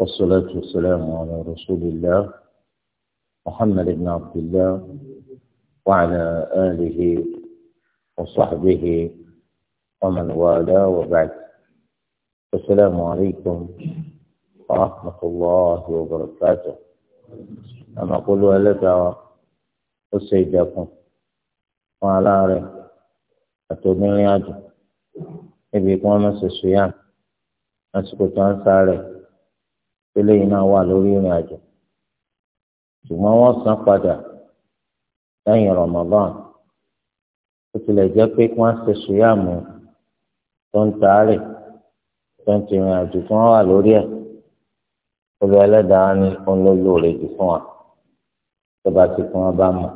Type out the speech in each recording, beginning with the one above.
والصلاة والسلام على رسول الله محمد بن عبد الله وعلى آله وصحبه ومن والاه وبعد السلام عليكم ورحمة الله وبركاته أما أقول لك السيدكم وعلى آله أتوني أجل إبيكم أسكت أسكتان سالك eléyìí náà wà lórí ìrìn àjò ṣùgbọ́n wọ́n san padà lẹ́yìn Ramadan ó tilẹ̀ jẹ́ pé kí wọ́n ṣe ṣùyàmù tó ń taarẹ̀ tó ń tìrìn àjò tí wọ́n wà lórí ẹ̀ olú ẹlẹ́dàá ni ó ń lò lóore jù fún wa tó bá ti fún wa bá mọ̀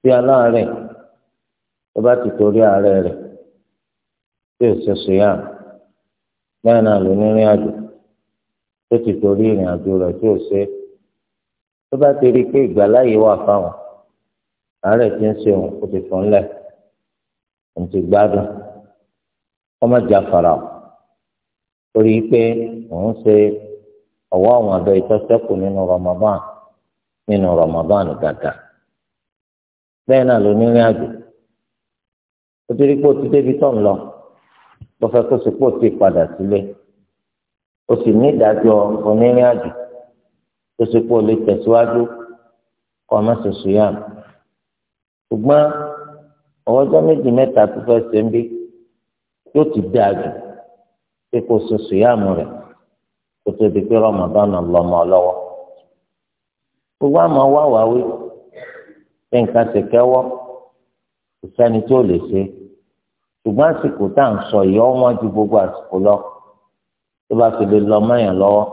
tí aláàárẹ̀ tó bá ti torí àárẹ̀ rẹ̀ tí ò ṣe ṣùyàmù lẹ́yìn náà lónírìn àjò tó ti torí ìrìn àjò rẹ̀ tí ò ṣe tó bá ti rí i pé ìgbàláyè wà fáwọn àárẹ̀ tí ń ṣe òun kò ti fún lẹ̀ òun ti gbádùn ọmọ ìjà fara o torí pé òun ṣe ọwọ́ àwọn àdó ìtọ́sẹ́kù nínú Ramadan nínú Ramadan gàgà bẹ́ẹ̀ náà ló nírìn àjò ó ti rí pé ó ti débi tó ń lọ lọ́fẹ́ kó sì pò tí ì padà sílé. Si o sì ní ìdájọ́ onírìn àjò tó ṣe pé o lè tẹ̀síwájú kọ́ ọmọ ṣoṣo yá mi. ṣùgbọ́n ọwọ́jọ́ méjì mẹ́ta tó fẹ́ ṣe ń bí yóò ti dáa jù pé kó ṣoṣo yá rẹ̀ kó tó di pé Ramadan lọ́mọ lọ́wọ́. gbogbo àmọ́ wá wá wí pé nǹkan ṣe kẹ́wọ́ kò sẹ́ni tí ò lè ṣe ṣùgbọ́n àsìkò tá à ń sọ yìí ọ̀wọ́n ju gbogbo àsìkò lọ tó bá fi lè lọ mọ́yàn lọ́wọ́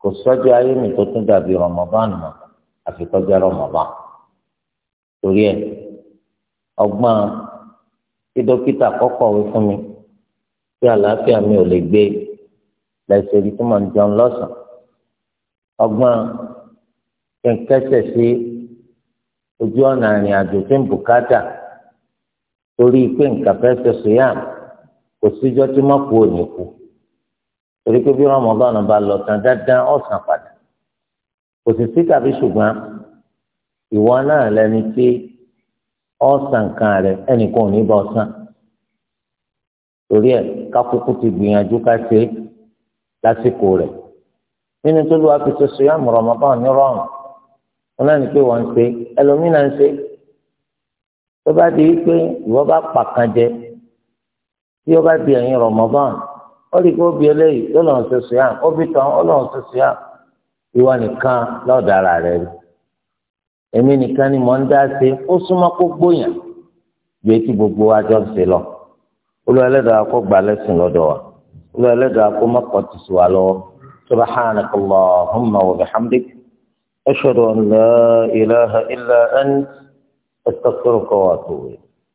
kò sọ́jọ́ ayé mi tó tún dàbí Ramadan mọ́ àfi kọjá Ramadan torí ẹ̀ ọgbọ́n tí dókítà kọ́kọ́ wí fún mi tí àlàáfíà mi ò lè gbé lẹ́sẹ̀ rí tí mo ń jẹun lọ́sàn-án ọgbọ́n kí n kẹ́sẹ̀ sí ojú ọ̀nà àrìn tí ń bùkátà torí pé nǹkan fẹ́ ṣe sùn yá kò síjọ́ tí mo kú òní kú torí pé bí Ramadan bá lọ tán dáadáa ọ̀sán padà kò sì sí tàbí ṣùgbọ́n ìwọ náà lẹni tí ọ̀sán kan rẹ ẹnìkan ò ní bá ọ̀sán torí ẹ kákókó ti gbìyànjú ká ṣe lásìkò rẹ nínú tó lùwà fi ṣoṣo yá mọ̀ ní rọrùn wọn náà ní pé wọ́n ń ṣe ẹlòmíràn ń ṣe tó bá di wípé ìwọ bá pàkan jẹ tí ó bá di ẹ̀yìn Ramadan. wọ́n lè kó bí eléyìí lọ́lọ́run ṣe sùn yàn ó fi tán ọlọ́run ṣe sùn yàn ìwà nìkan lọ́ọ̀dà ara rí èmi nìkan ni mò ń dá ṣe ó súnmọ́ kó gbóyàn ju etí gbogbo lọ olú ẹlẹ́dàá kó gbà lẹ́sìn lọ́dọ̀ wa olú ẹlẹ́dàá kó má ti sùn wá lọ́wọ́ subhanaka